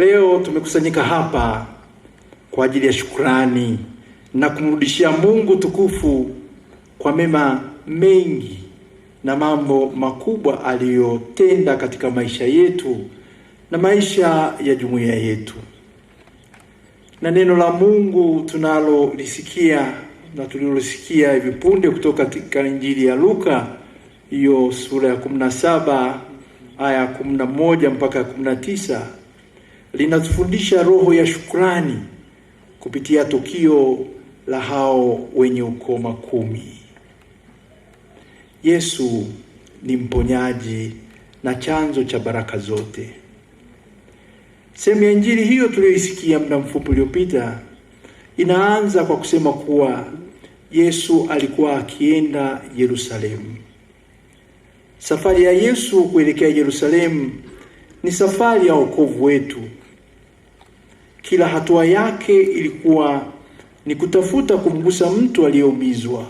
Leo tumekusanyika hapa kwa ajili ya shukrani na kumrudishia Mungu tukufu kwa mema mengi na mambo makubwa aliyotenda katika maisha yetu na maisha ya jumuiya yetu. Na neno la Mungu tunalolisikia na tulilosikia hivi punde kutoka katika Injili ya Luka hiyo sura ya 17 aya ya 11 mpaka 19 linatufundisha roho ya shukrani kupitia tukio la hao wenye ukoma kumi. Yesu ni mponyaji na chanzo cha baraka zote. Sehemu ya injili hiyo tuliyoisikia muda mfupi uliopita inaanza kwa kusema kuwa Yesu alikuwa akienda Yerusalemu. Safari ya Yesu kuelekea Yerusalemu ni safari ya wokovu wetu kila hatua yake ilikuwa ni kutafuta kumgusa mtu aliyeumizwa,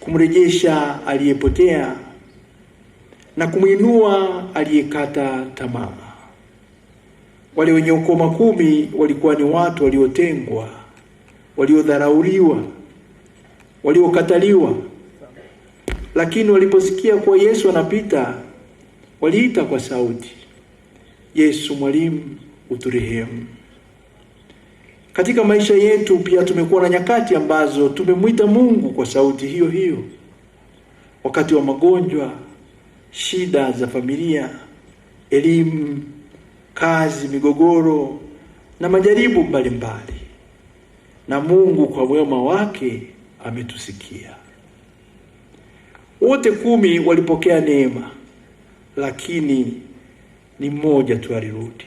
kumrejesha aliyepotea na kumwinua aliyekata tamaa. Wale wenye ukoma kumi walikuwa ni watu waliotengwa, waliodharauliwa, waliokataliwa, lakini waliposikia kuwa Yesu anapita, waliita kwa sauti, Yesu mwalimu uturehemu. Katika maisha yetu pia tumekuwa na nyakati ambazo tumemwita Mungu kwa sauti hiyo hiyo, wakati wa magonjwa, shida za familia, elimu, kazi, migogoro na majaribu mbalimbali, na Mungu kwa wema wake ametusikia. Wote kumi walipokea neema, lakini ni mmoja tu alirudi.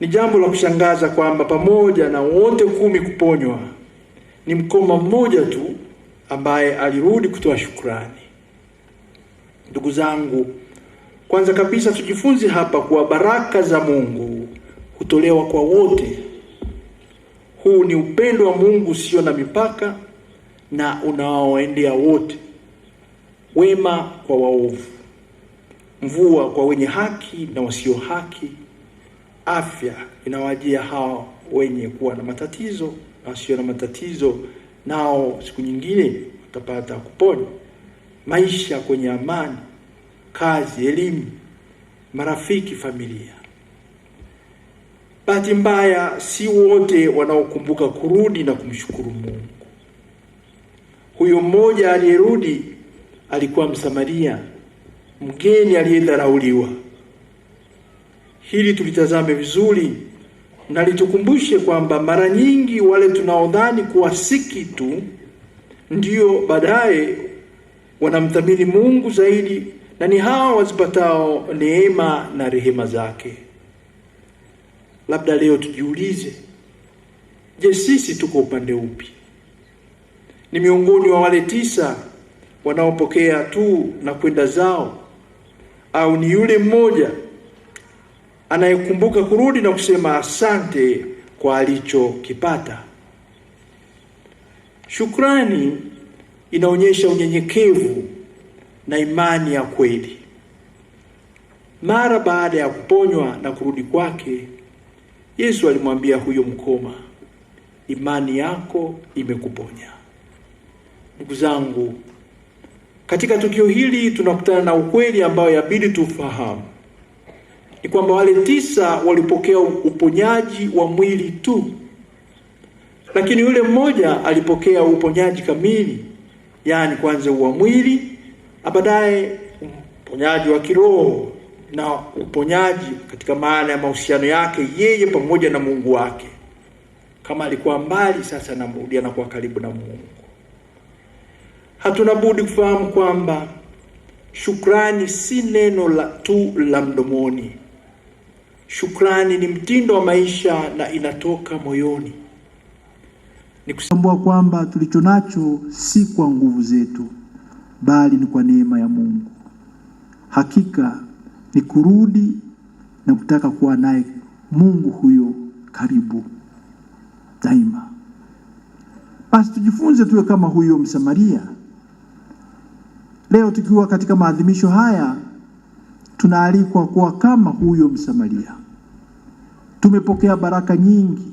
Ni jambo la kushangaza kwamba pamoja na wote kumi kuponywa, ni mkoma mmoja tu ambaye alirudi kutoa shukrani. Ndugu zangu, kwanza kabisa tujifunze hapa kuwa baraka za Mungu hutolewa kwa wote. Huu ni upendo wa Mungu usio na mipaka na unaoendea wote, wema kwa waovu, mvua kwa wenye haki na wasio haki afya inawajia hao wenye kuwa na matatizo, wasio na matatizo nao siku nyingine watapata kupona. Maisha kwenye amani, kazi, elimu, marafiki, familia. Bahati mbaya, si wote wanaokumbuka kurudi na kumshukuru Mungu. Huyo mmoja aliyerudi alikuwa Msamaria, mgeni aliyedharauliwa hili tulitazame vizuri na litukumbushe kwamba mara nyingi wale tunaodhani kuwa si kitu ndio baadaye wanamthamini Mungu zaidi, na ni hawa wazipatao neema na rehema zake. Labda leo tujiulize, je, sisi tuko upande upi? Ni miongoni wa wale tisa wanaopokea tu na kwenda zao, au ni yule mmoja anayekumbuka kurudi na kusema asante kwa alichokipata. Shukrani inaonyesha unyenyekevu na imani ya kweli. Mara baada ya kuponywa na kurudi kwake, Yesu alimwambia huyo mkoma, imani yako imekuponya. Ndugu zangu, katika tukio hili tunakutana na ukweli ambao yabidi tufahamu ni kwamba wale tisa walipokea uponyaji wa mwili tu, lakini yule mmoja alipokea uponyaji kamili, yaani kwanza wa mwili na baadaye uponyaji wa kiroho na uponyaji katika maana ya mahusiano yake yeye pamoja na Mungu wake. Kama alikuwa mbali, sasa anamrudia na karibu na Mungu. Hatuna budi kufahamu kwamba shukrani si neno la tu la mdomoni Shukrani ni mtindo wa maisha na inatoka moyoni. Nikutambua kwamba tulicho nacho si kwa nguvu zetu, bali ni kwa neema ya Mungu. Hakika ni kurudi na kutaka kuwa naye Mungu huyo karibu daima. Basi tujifunze tuwe kama huyo Msamaria. Leo tukiwa katika maadhimisho haya tunaalikwa kuwa kama huyo Msamaria. Tumepokea baraka nyingi: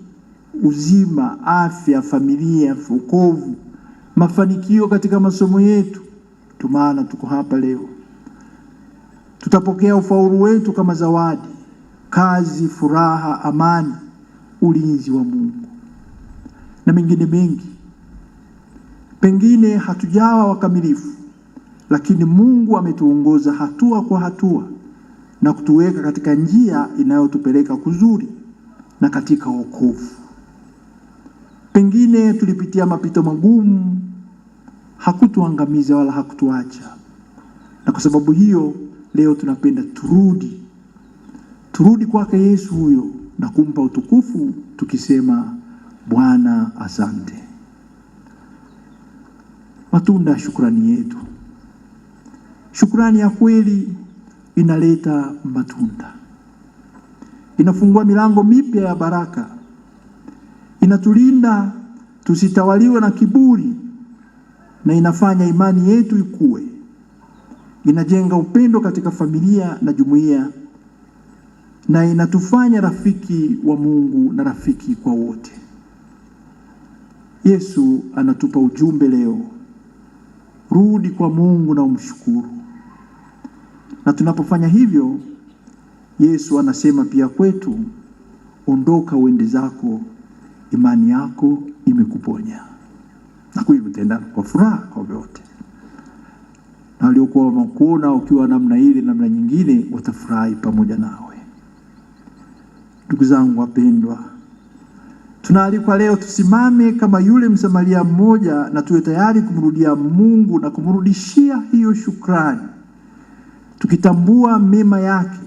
uzima, afya, familia, wokovu, mafanikio katika masomo yetu. Ndio maana tuko hapa leo. Tutapokea ufaulu wetu kama zawadi, kazi, furaha, amani, ulinzi wa Mungu na mengine mengi. Pengine hatujawa wakamilifu, lakini Mungu ametuongoza hatua kwa hatua na kutuweka katika njia inayotupeleka kuzuri na katika wokovu. Pengine tulipitia mapito magumu, hakutuangamiza wala hakutuacha, na kwa sababu hiyo leo tunapenda turudi, turudi kwake Yesu huyo na kumpa utukufu tukisema, Bwana asante. Matunda ya shukrani yetu, shukrani ya kweli inaleta matunda, inafungua milango mipya ya baraka, inatulinda tusitawaliwe na kiburi, na inafanya imani yetu ikue, inajenga upendo katika familia na jumuiya, na inatufanya rafiki wa Mungu na rafiki kwa wote. Yesu anatupa ujumbe leo, rudi kwa Mungu na umshukuru. Na tunapofanya hivyo, Yesu anasema pia kwetu, ondoka uende zako, imani yako imekuponya. Na kweli utaenda kwa furaha kwa vyote, na waliokuwa wanakuona ukiwa namna ile namna nyingine watafurahi pamoja nawe. Ndugu zangu wapendwa, tunaalikwa leo tusimame kama yule Msamaria mmoja, na tuwe tayari kumrudia Mungu na kumrudishia hiyo shukrani Tukitambua mema yake,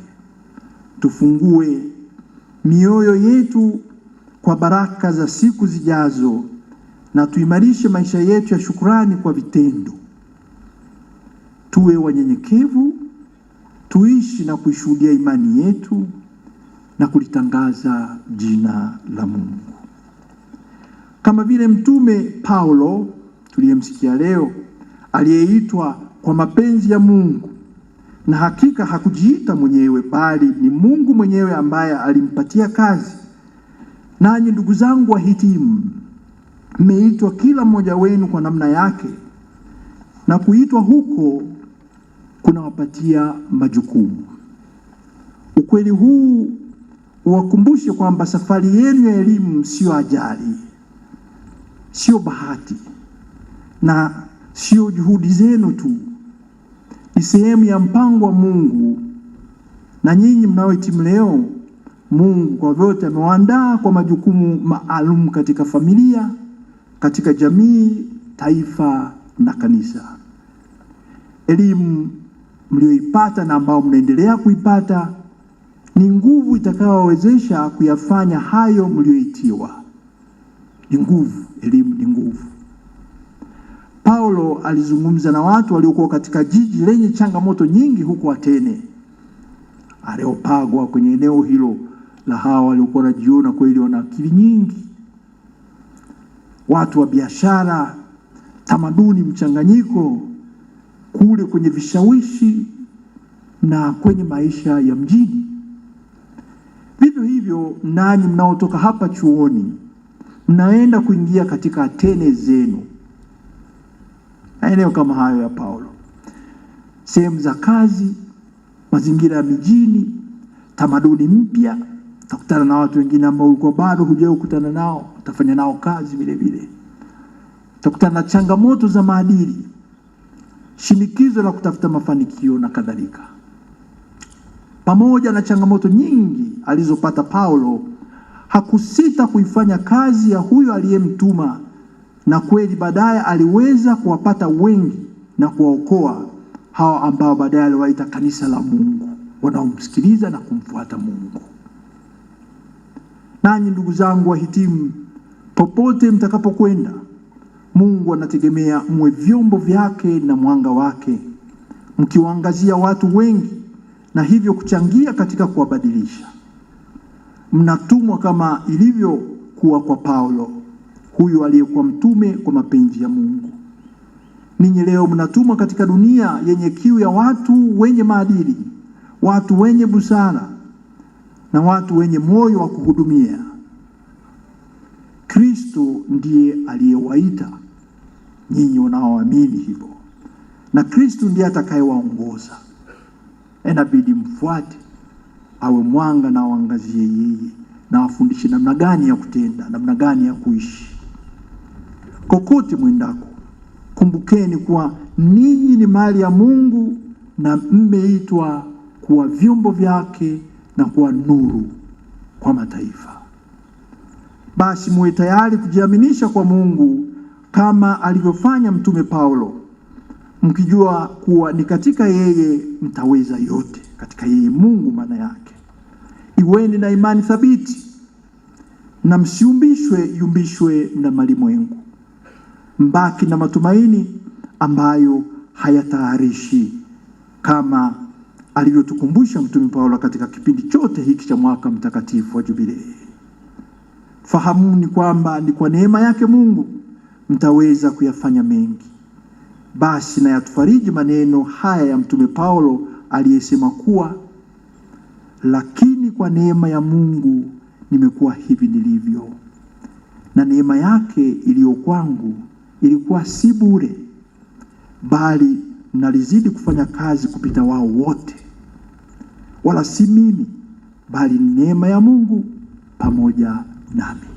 tufungue mioyo yetu kwa baraka za siku zijazo, na tuimarishe maisha yetu ya shukrani kwa vitendo. Tuwe wanyenyekevu, tuishi na kuishuhudia imani yetu na kulitangaza jina la Mungu, kama vile Mtume Paulo tuliyemsikia leo aliyeitwa kwa mapenzi ya Mungu na hakika hakujiita mwenyewe, bali ni Mungu mwenyewe ambaye alimpatia kazi. Nanyi ndugu zangu wahitimu, mmeitwa kila mmoja wenu kwa namna yake, na kuitwa huko kunawapatia majukumu. Ukweli huu uwakumbushe kwamba safari yenu ya elimu sio ajali, sio bahati na sio juhudi zenu tu ni sehemu ya mpango wa Mungu, na nyinyi mnaohitimu leo, Mungu kwa vyote amewaandaa kwa majukumu maalum katika familia, katika jamii, taifa na kanisa. Elimu mlioipata na ambao mnaendelea kuipata ni nguvu itakayowawezesha kuyafanya hayo mlioitiwa. Ni nguvu, elimu ni nguvu. Paulo alizungumza na watu waliokuwa katika jiji lenye changamoto nyingi huko Atene, Areopagwa, kwenye eneo hilo la hawa waliokuwa wanajiona kweli wana akili nyingi, watu wa biashara, tamaduni mchanganyiko kule kwenye vishawishi na kwenye maisha ya mjini. Vivyo hivyo nanyi mnaotoka hapa chuoni mnaenda kuingia katika Atene zenu maeneo kama hayo ya Paulo, sehemu za kazi, mazingira ya mijini, tamaduni mpya. Utakutana na watu wengine ambao ulikuwa bado hujao kukutana nao, utafanya nao kazi vile vile. Utakutana na changamoto za maadili, shinikizo la kutafuta mafanikio na kadhalika, pamoja na changamoto nyingi alizopata Paulo hakusita kuifanya kazi ya huyo aliyemtuma na kweli baadaye aliweza kuwapata wengi na kuwaokoa hawa ambao baadaye aliwaita kanisa la Mungu, wanaomsikiliza na kumfuata Mungu. Nanyi ndugu zangu wahitimu, popote mtakapokwenda, Mungu anategemea mwe vyombo vyake na mwanga wake, mkiwaangazia watu wengi na hivyo kuchangia katika kuwabadilisha. Mnatumwa kama ilivyokuwa kwa Paulo huyu aliyekuwa mtume kwa mapenzi ya Mungu. Ninyi leo mnatumwa katika dunia yenye kiu ya watu wenye maadili, watu wenye busara na watu wenye moyo wa kuhudumia. Kristo ndiye aliyewaita nyinyi wanaoamini hivyo, na Kristo ndiye atakayewaongoza. Inabidi mfuate, awe mwanga na waangazie yeye na wafundishe namna gani ya kutenda, namna gani ya kuishi kokote mwendako, kumbukeni kuwa ninyi ni mali ya Mungu na mmeitwa kuwa vyombo vyake na kuwa nuru kwa mataifa. Basi muwe tayari kujiaminisha kwa Mungu kama alivyofanya Mtume Paulo, mkijua kuwa ni katika yeye mtaweza yote. Katika yeye Mungu maana yake. Iweni na imani thabiti na msiumbishwe yumbishwe na malimwengu mbaki na matumaini ambayo hayataharishi kama alivyotukumbusha Mtume Paulo katika kipindi chote hiki cha mwaka mtakatifu wa Jubilei. Fahamuni kwamba ni kwa neema yake Mungu mtaweza kuyafanya mengi. Basi na yatufariji maneno haya ya Mtume Paulo aliyesema kuwa, lakini kwa neema ya Mungu nimekuwa hivi nilivyo, na neema yake iliyo kwangu ilikuwa si bure, bali mnalizidi kufanya kazi kupita wao wote, wala si mimi, bali neema ya Mungu pamoja nami.